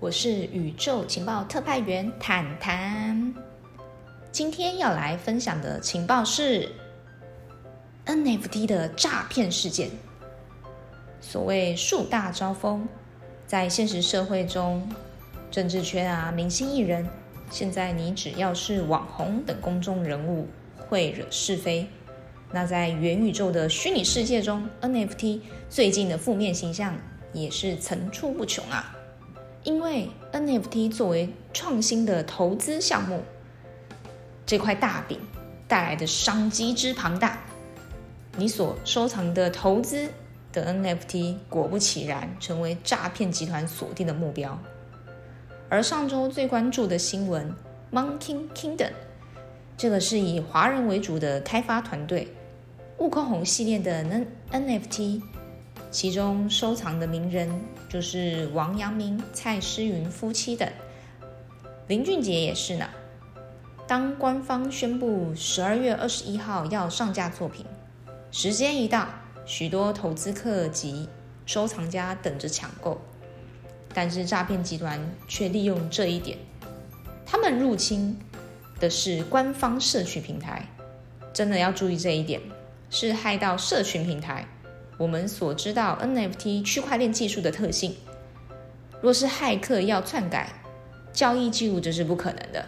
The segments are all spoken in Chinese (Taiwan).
我是宇宙情報特派員坦坦，今天要來分享的情報是 NFT 的詐騙事件。所謂樹大招風，在現實社會中，政治圈啊、明星藝人，現在你只要是網紅等公眾人物，會惹是非。那在元宇宙的虛擬世界中，NFT 最近的負面形象也是層出不窮啊。因為 NFT 作為創新的投資項目，這塊大餅帶來的商機之龐大，你所收藏的投資的 NFT 果不其然成為詐騙集團鎖定的目標。而上周最關注的新聞，Monkey Kingdom，這個是以華人為主的開發團隊，悟空紅系列的 N NFT，其中收藏的名人。就是王陽明、蔡詩芸夫妻等，林俊杰也是呢。當官方宣布十二月二十一號要上架作品，時間一到，許多投資客及收藏家等着搶購，但是詐騙集團卻利用這一點，他們入侵的是官方社群平台，真的要注意這一點，是害到社群平台。我們所知道 NFT 區塊鏈技術的特性，若是駭客要篡改交易記錄，這是不可能的。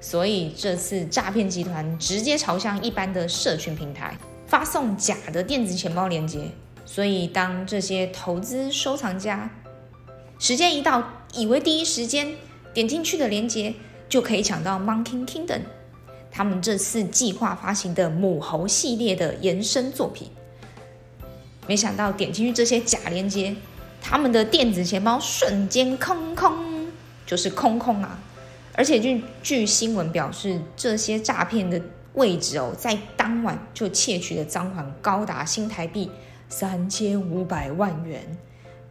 所以這次詐騙集團直接朝向一般的社群平台發送假的電子錢包鏈接。所以當這些投資收藏家時間一到，以為第一時間點進去的鏈接就可以搶到 Monkey Kingdom，他們這次計劃發行的母猴系列的延伸作品。沒想到點進去這些假鏈接，他們的電子錢包瞬間空空，就是空空啊！而且據據新聞表示，這些詐騙的位置哦，在當晚就竊取的贓款高達新台幣三千五百萬元，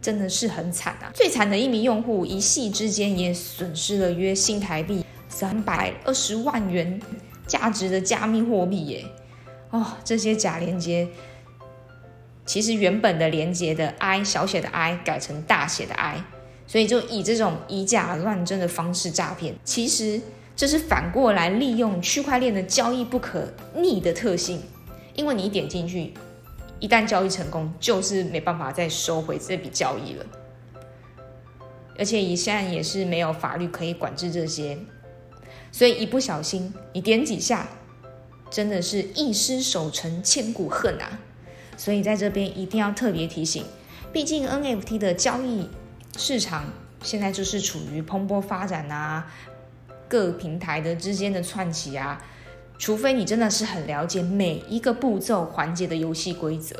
真的是很慘啊！最慘的一名用戶一夕之間也損失了約新台幣三百二十萬元價值的加密貨幣耶！哦，這些假鏈接。其實原本的連接的 i 小寫的 i 改成大寫的 i，所以就以這種以假亂真的方式詐騙。其實這是反過來利用區塊鏈的交易不可逆的特性，因為你一點進去，一旦交易成功，就是沒辦法再收回這筆交易了。而且現在也是沒有法律可以管制這些，所以一不小心你點幾下，真的是一失手成千古恨啊！所以在這邊一定要特別提醒，畢竟 NFT 的交易市場現在就是處於蓬勃發展啊，各平台的之間的串起啊，除非你真的是很了解每一個步驟環節的遊戲規則，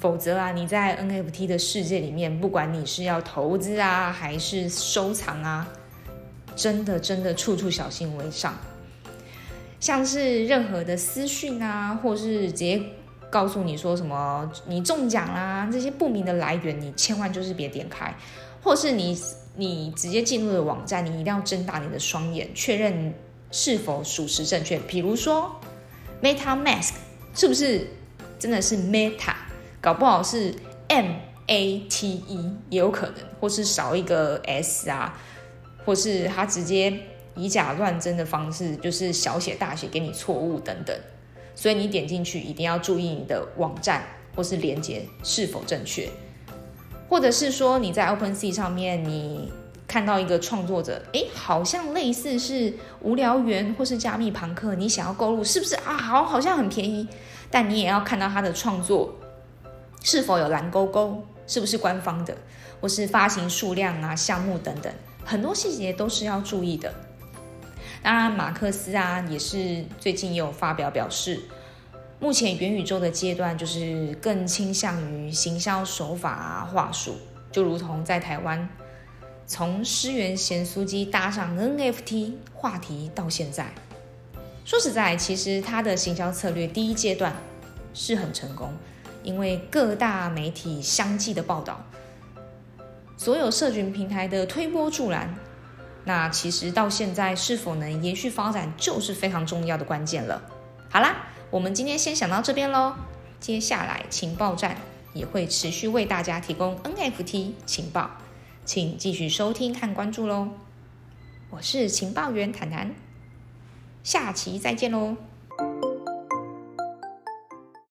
否則啊你在 NFT 的世界裡面，不管你是要投資啊還是收藏啊，真的真的處處小心為上，像是任何的私訊啊或是結。告訴你說什麼，你中獎啦！啊！這些不明的來源，你千萬就是別點開，或是你你直接進入的網站，你一定要睜大你的雙眼，確認是否屬實正確。比如說 Meta Mask 是不是真的是 Meta？搞不好是 M A T E，也有可能，或是少一個 S 啊，或是他直接以假亂真的方式，就是小寫大寫給你錯誤等等。所以你點進去一定要注意你的網站或是連接是否正確，或者是說你在 OpenSea 上面你看到一個創作者，誒，好像類似是無聊猿或是加密龐克，你想要購入是不是啊？好，好像很便宜，但你也要看到他的創作是否有藍勾勾，是不是官方的，或是發行數量啊、項目等等，很多細節都是要注意的。當然、啊，馬克思啊，也是最近有發表表示，目前元宇宙的階段就是更傾向於行銷手法、啊、話術，就如同在台灣，從師園鹹酥雞搭上 NFT 話題到現在，說實在，其實他的行銷策略第一階段是很成功，因為各大媒體相繼的報道，所有社群平台的推波助瀾。那其實到現在是否能延續發展，就是非常重要的關鍵了。好啦，我們今天先想到這邊嘍。接下來情報站也會持續為大家提供 NFT 情報，請繼續收聽和關注嘍。我是情報員坦坦，下期再見嘍。